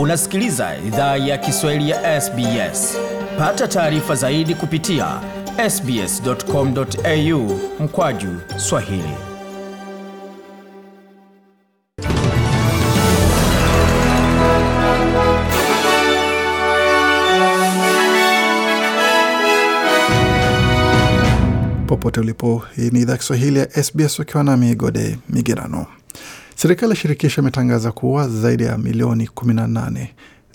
Unasikiliza idhaa ya Kiswahili ya SBS. Pata taarifa zaidi kupitia sbs.com.au mkwaju Swahili. Popote ulipo, hii ni idhaa Kiswahili ya SBS ukiwa na migode migerano Serikali ya shirikisho imetangaza kuwa zaidi ya milioni 18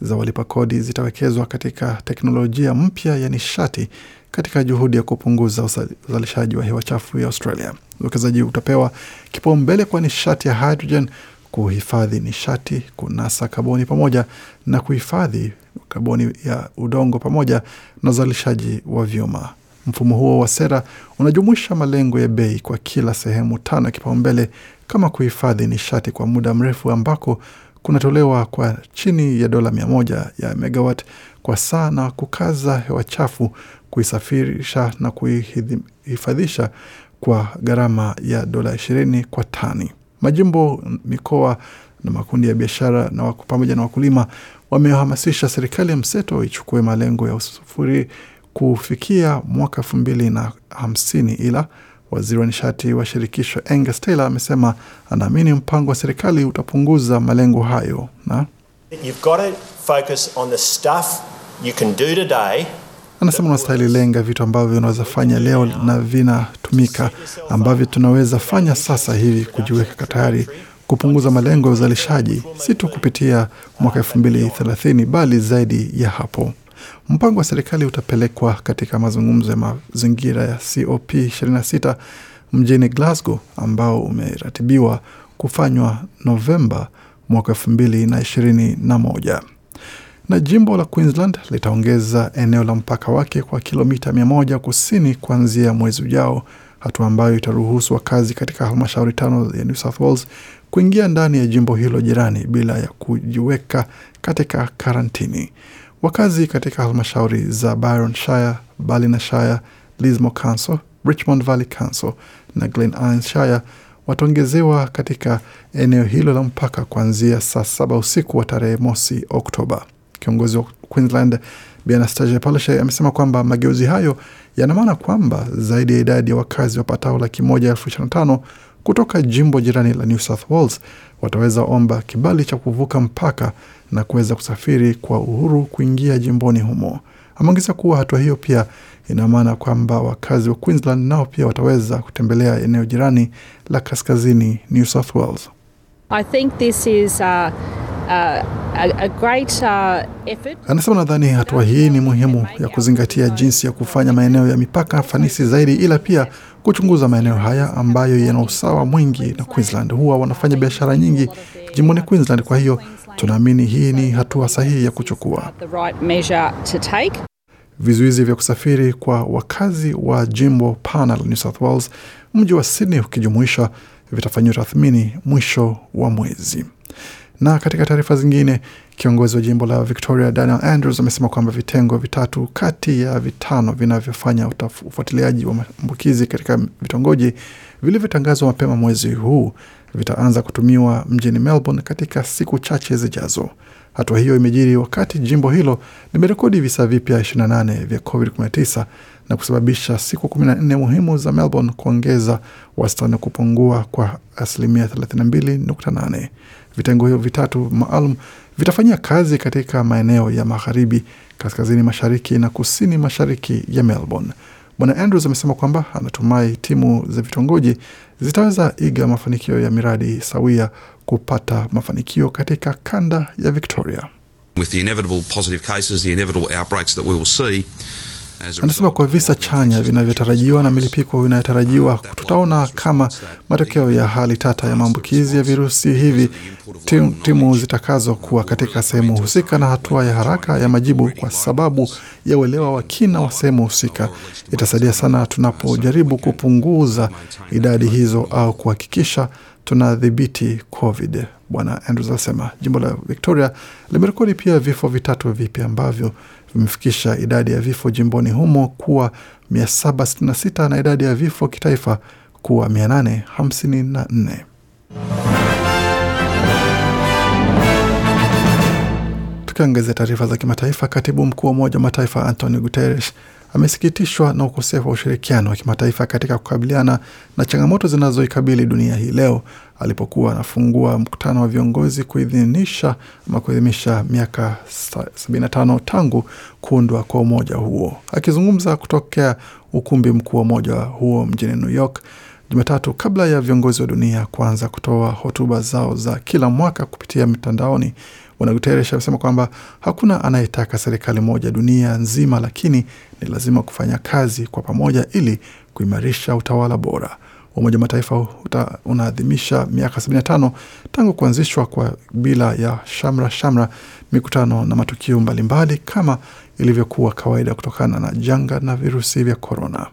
za walipa kodi zitawekezwa katika teknolojia mpya ya nishati katika juhudi ya kupunguza uzalishaji wa hewa chafu ya Australia. Uwekezaji utapewa kipaumbele kwa nishati ya hydrogen, kuhifadhi nishati, kunasa kaboni pamoja na kuhifadhi kaboni ya udongo pamoja na uzalishaji wa vyuma. Mfumo huo wa sera unajumuisha malengo ya bei kwa kila sehemu tano ya kipaumbele kama kuhifadhi nishati kwa muda mrefu ambako kunatolewa kwa chini ya dola mia moja ya megawatt kwa saa na kukaza hewa chafu, kuisafirisha na kuihifadhisha kwa gharama ya dola ishirini kwa tani. Majimbo, mikoa na makundi ya biashara na pamoja na wakulima wamehamasisha serikali ya mseto ichukue malengo ya usufuri kufikia mwaka elfu mbili na hamsini ila waziri wa nishati wa shirikisho Angus Taylor amesema anaamini mpango wa serikali utapunguza malengo hayo na anasema unastahili lenga vitu ambavyo unaweza fanya leo na vinatumika, ambavyo tunaweza fanya sasa hivi kujiweka tayari kupunguza malengo ya uzalishaji si tu kupitia mwaka elfu mbili thelathini bali zaidi ya hapo. Mpango wa serikali utapelekwa katika mazungumzo ya mazingira ya COP 26 mjini Glasgow ambao umeratibiwa kufanywa Novemba mwaka elfu mbili na ishirini na moja. Na jimbo la Queensland litaongeza eneo la mpaka wake kwa kilomita mia moja kusini kuanzia mwezi ujao, hatua ambayo itaruhusu wakazi katika halmashauri tano ya New South Wales kuingia ndani ya jimbo hilo jirani bila ya kujiweka katika karantini. Wakazi katika halmashauri za Byron Shire, Ballina Shire, Lismore Council, Richmond Valley Council na Glen Innes Shire wataongezewa katika eneo hilo la mpaka kuanzia saa saba usiku wa tarehe mosi Oktoba. Kiongozi wa Queensland Bi Anastasia Palaszczuk amesema kwamba mageuzi hayo yana maana kwamba zaidi ya idadi ya wakazi wapatao laki moja elfu ishirini na tano kutoka jimbo jirani la New South Wales wataweza omba kibali cha kuvuka mpaka na kuweza kusafiri kwa uhuru kuingia jimboni humo. Ameongeza kuwa hatua hiyo pia ina maana kwamba wakazi wa Queensland nao pia wataweza kutembelea eneo jirani la kaskazini New South Wales. I think this is a, uh, uh, a, a great, uh, effort. Anasema nadhani hatua hii ni muhimu ya kuzingatia jinsi ya kufanya maeneo ya mipaka fanisi zaidi, ila pia kuchunguza maeneo haya ambayo yana usawa mwingi na Queensland. Huwa wanafanya biashara nyingi jimboni Queensland, kwa hiyo Tunaamini hii ni hatua sahihi ya kuchukua. Vizuizi vya kusafiri kwa wakazi wa jimbo pana la New South Wales, mji wa Sydney ukijumuisha, vitafanyiwa tathmini mwisho wa mwezi. Na katika taarifa zingine, kiongozi wa jimbo la Victoria Daniel Andrews amesema kwamba vitengo vitatu kati ya vitano vinavyofanya ufuatiliaji wa maambukizi katika vitongoji vilivyotangazwa mapema mwezi huu vitaanza kutumiwa mjini Melbourne katika siku chache zijazo. Hatua hiyo imejiri wakati jimbo hilo limerekodi visa vipya 28 vya COVID-19 na kusababisha siku 14 muhimu za Melbourne kuongeza wastani kupungua kwa asilimia 32.8. Vitengo hivyo vitatu maalum vitafanyia kazi katika maeneo ya magharibi, kaskazini mashariki na kusini mashariki ya Melbourne. Bwana Andrews amesema kwamba anatumai timu za vitongoji zitaweza iga mafanikio ya miradi sawia kupata mafanikio katika kanda ya Victoria. With the inevitable positive cases, the inevitable outbreaks that we will see Anasema kwa visa chanya vinavyotarajiwa na milipiko inayotarajiwa, tutaona kama matokeo ya hali tata ya maambukizi ya virusi hivi, timu zitakazokuwa katika sehemu husika na hatua ya haraka ya majibu, kwa sababu ya uelewa wa kina wa sehemu husika itasaidia sana tunapojaribu kupunguza idadi hizo au kuhakikisha tunadhibiti COVID. Bwana Andrews alisema jimbo la Victoria limerekodi pia vifo vitatu vipya ambavyo imefikisha idadi ya vifo jimboni humo kuwa 766 na idadi ya vifo kitaifa kuwa 854. Tukiangazia taarifa za kimataifa, katibu mkuu wa Umoja wa Mataifa Antonio Guterres amesikitishwa na ukosefu wa ushirikiano wa kimataifa katika kukabiliana na changamoto zinazoikabili dunia hii leo, alipokuwa anafungua mkutano wa viongozi kuidhinisha ama kuidhimisha miaka 75 tangu kuundwa kwa umoja huo. Akizungumza kutokea ukumbi mkuu wa umoja huo mjini New York Jumatatu, kabla ya viongozi wa dunia kuanza kutoa hotuba zao za kila mwaka kupitia mitandaoni, Bwana Guterres amesema kwamba hakuna anayetaka serikali moja dunia nzima, lakini ni lazima kufanya kazi kwa pamoja ili kuimarisha utawala bora. Umoja wa Mataifa unaadhimisha miaka 75 tangu kuanzishwa kwa bila ya shamra shamra, mikutano na matukio mbalimbali kama ilivyokuwa kawaida kutokana na janga na virusi vya korona.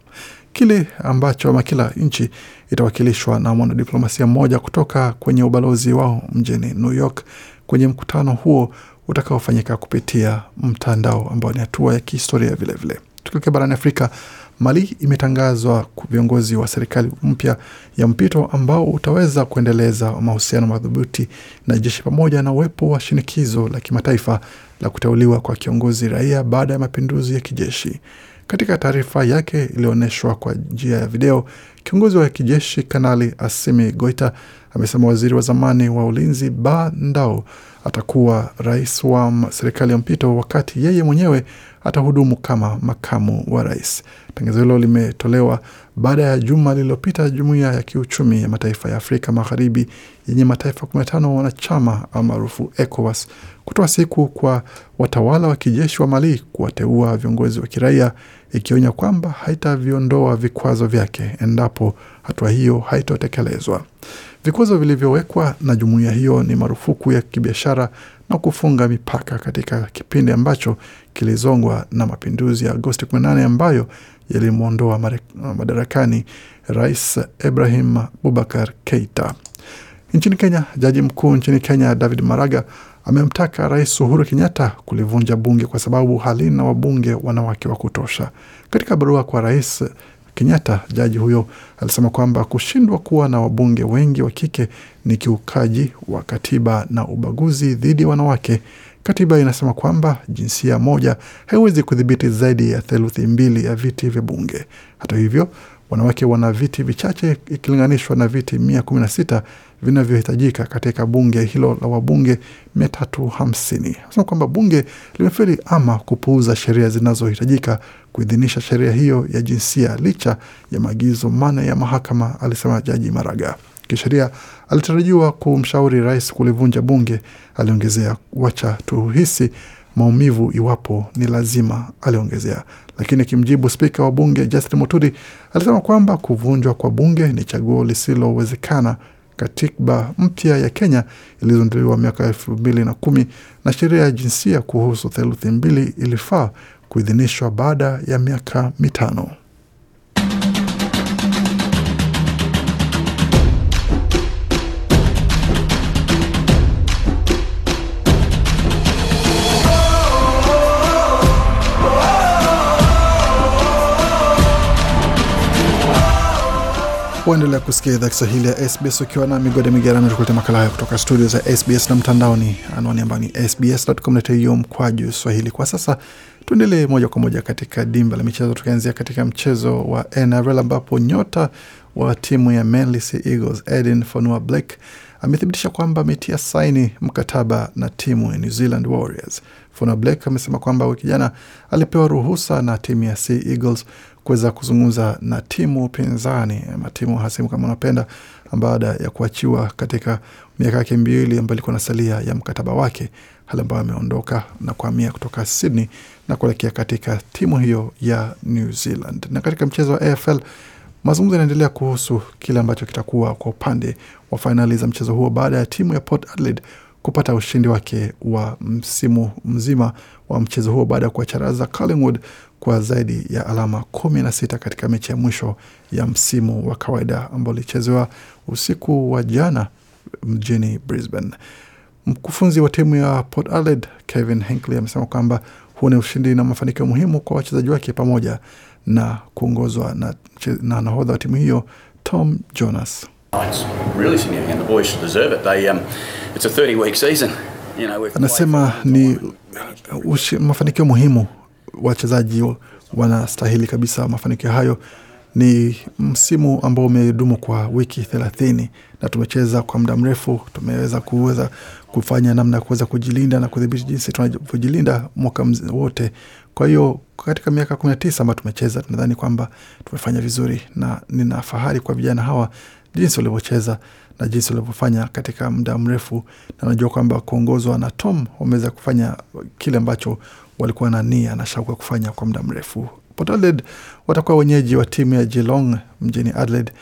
Kile ambacho ama kila nchi itawakilishwa na mwanadiplomasia mmoja kutoka kwenye ubalozi wao mjini New York kwenye mkutano huo utakaofanyika kupitia mtandao ambao ni hatua ya kihistoria vilevile. Tukielekea barani Afrika, Mali imetangazwa viongozi wa serikali mpya ya mpito ambao utaweza kuendeleza mahusiano madhubuti na jeshi pamoja na uwepo wa shinikizo la kimataifa la kuteuliwa kwa kiongozi raia baada ya mapinduzi ya kijeshi. Katika taarifa yake iliyoonyeshwa kwa njia ya video, kiongozi wa kijeshi Kanali Asimi Goita amesema waziri wa zamani wa ulinzi Ba Ndao atakuwa rais wa serikali ya mpito wakati yeye mwenyewe atahudumu kama makamu wa rais. Tangazo hilo limetolewa baada ya juma lililopita jumuiya ya kiuchumi ya mataifa ya Afrika Magharibi yenye mataifa 15 wanachama almaarufu ECOWAS kutoa siku kwa watawala wa kijeshi wa Mali kuwateua viongozi wa kiraia, ikionya kwamba haitaviondoa vikwazo vyake endapo hatua hiyo haitotekelezwa. Vikwazo vilivyowekwa na jumuiya hiyo ni marufuku ya kibiashara na kufunga mipaka katika kipindi ambacho kilizongwa na mapinduzi ya Agosti 18 ambayo yalimwondoa madarakani Rais Ibrahim Bubakar Keita. Nchini Kenya, jaji mkuu nchini Kenya David Maraga amemtaka Rais Uhuru Kenyatta kulivunja bunge kwa sababu halina wabunge wanawake wa kutosha. Katika barua kwa rais Kenyatta, jaji huyo alisema kwamba kushindwa kuwa na wabunge wengi wa kike ni kiukaji wa katiba na ubaguzi dhidi ya wanawake. Katiba inasema kwamba jinsia moja haiwezi kudhibiti zaidi ya theluthi mbili ya viti vya bunge. Hata hivyo, wanawake wana viti vichache ikilinganishwa na viti mia kumi na sita vinavyohitajika katika bunge hilo la wabunge mia tatu hamsini. kwamba bunge limefeli ama kupuuza sheria zinazohitajika kuidhinisha sheria hiyo ya jinsia licha ya maagizo mane ya mahakama, alisema Jaji Maraga. Kisheria alitarajiwa kumshauri rais kulivunja bunge. Aliongezea, wacha tuhisi maumivu iwapo ni lazima, aliongezea. Lakini akimjibu spika wa bunge Justin Muturi alisema kwamba kuvunjwa kwa bunge ni chaguo lisilowezekana Katiba mpya ya Kenya ilizinduliwa miaka elfu mbili na kumi na sheria ya jinsia kuhusu theluthi mbili ilifaa kuidhinishwa baada ya miaka mitano. Waendelea kusikia idhaa Kiswahili ya SBS ukiwa na migode migerano, tukulete makala haya kutoka studio za SBS na mtandaoni, anwani ambayo ni sbs.com.au mkwaju swahili. Kwa sasa tuendelee moja kwa moja katika dimba la michezo, tukianzia katika mchezo wa NRL ambapo nyota wa timu ya Manly Sea Eagles Fonua Blake amethibitisha kwamba ametia saini mkataba na timu ya New Zealand Warriors. Fonua Blake amesema kwamba wiki jana alipewa ruhusa na timu ya Sea Eagles kuweza kuzungumza na timu pinzani, matimu hasimu kama unapenda, baada ya kuachiwa katika miaka yake miwili ambayo ilikuwa nasalia ya mkataba wake, hali ambayo ameondoka na kuhamia kutoka Sydney na kuelekea katika timu hiyo ya New Zealand. Na katika mchezo wa AFL mazungumzo yanaendelea kuhusu kile ambacho kitakuwa kwa upande wa fainali za mchezo huo baada ya timu ya Port Adelaide kupata ushindi wake wa msimu mzima wa mchezo huo baada ya kuwacharaza Collingwood kwa zaidi ya alama kumi na sita katika mechi ya mwisho ya msimu wa kawaida ambao ilichezewa usiku wa jana mjini Brisbane. Mkufunzi wa timu ya Port Adelaide Kevin Hinkley amesema kwamba huu ni ushindi na mafanikio muhimu kwa wachezaji wake pamoja na kuongozwa na, na nahodha wa timu hiyo Tom Jonas. Um, anasema ni ushi, mafanikio muhimu wachezaji wanastahili kabisa mafanikio hayo. Ni msimu ambao umedumu kwa wiki thelathini na tumecheza kwa muda mrefu. Tumeweza kuweza kufanya namna ya kuweza kujilinda na kudhibiti jinsi tunavyojilinda mwaka wote. Kwa hiyo katika miaka kumi na tisa ambayo tumecheza, tunadhani kwamba tumefanya vizuri, na nina fahari kwa vijana hawa jinsi walivyocheza na jinsi walivyofanya katika muda mrefu, na najua kwamba kuongozwa na Tom wameweza kufanya kile ambacho walikuwa na nia na shauku ya kufanya kwa muda mrefu. Port Adelaide watakuwa wenyeji wa timu ya Geelong mjini Adelaide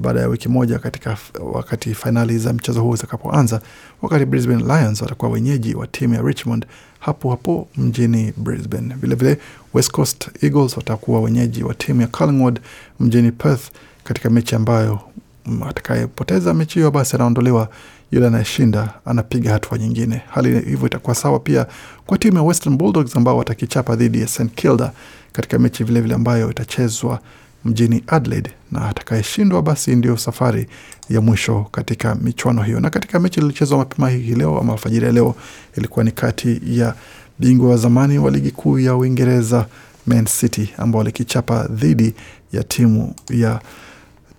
baada ya wiki moja katika wakati fainali za mchezo huu zitakapoanza, wakati Brisbane Lions watakuwa wenyeji wa timu ya Richmond hapo hapo mjini Brisbane. Vilevile West Coast Eagles watakuwa wenyeji wa timu ya Collingwood mjini Perth katika mechi ambayo mm, atakayepoteza mechi hiyo basi anaondolewa yule anayeshinda anapiga hatua nyingine. Hali hivyo itakuwa sawa pia kwa timu ya Western Bulldogs ambao watakichapa dhidi ya St Kilda katika mechi vilevile vile ambayo itachezwa mjini Adelaide, na atakayeshindwa basi ndio safari ya mwisho katika michuano hiyo. Na katika mechi iliyochezwa mapema hii leo ama alfajiri ya leo, ilikuwa ni kati ya bingwa wa zamani wa ligi kuu ya Uingereza Man City ambao walikichapa dhidi ya timu ya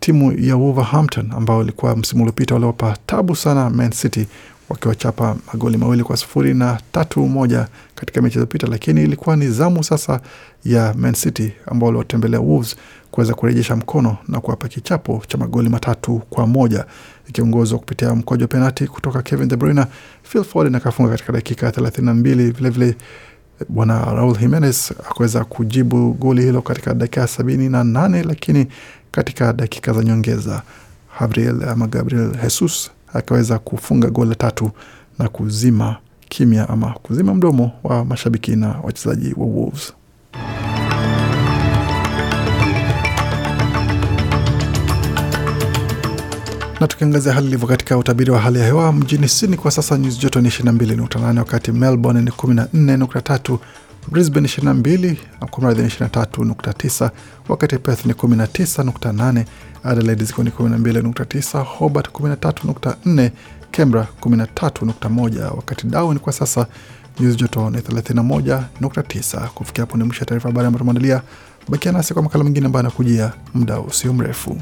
timu ya Wolverhampton ambao ilikuwa msimu uliopita waliwapa tabu sana Man City wakiwachapa magoli mawili kwa sufuri na tatu moja katika mechi iliyopita, lakini ilikuwa ni zamu sasa ya Man City ambao waliwatembelea Wolves kuweza kurejesha mkono na kuwapa kichapo cha magoli matatu kwa moja ikiongozwa kupitia mkojo penati kutoka Kevin De Bruyne. Phil Foden akafunga katika dakika 32 vilevile Bwana Raul Jimenez akuweza kujibu goli hilo katika dakika ya sabini na nane, lakini katika dakika za nyongeza Gabriel ama Gabriel Jesus akaweza kufunga goli la tatu na kuzima kimya ama kuzima mdomo wa mashabiki na wachezaji wa Wolves. Na tukiangazia hali ilivyo katika utabiri wa hali ya hewa mjini Sydney kwa sasa nyuzi joto ni 22.8, wakati Melbourne ni 14.3, Brisbane 22 ni 23.9, wakati Perth ni 19.8, Adelaide ziko ni 12.9, Hobart 13.4, Canberra 13.1, wakati Darwin kwa sasa nyuzi joto ni 31.9. Kufikia hapo ni mwisho ya taarifa habari ambayo tumeandalia. Bakia nasi kwa makala mengine ambayo anakujia muda usio mrefu.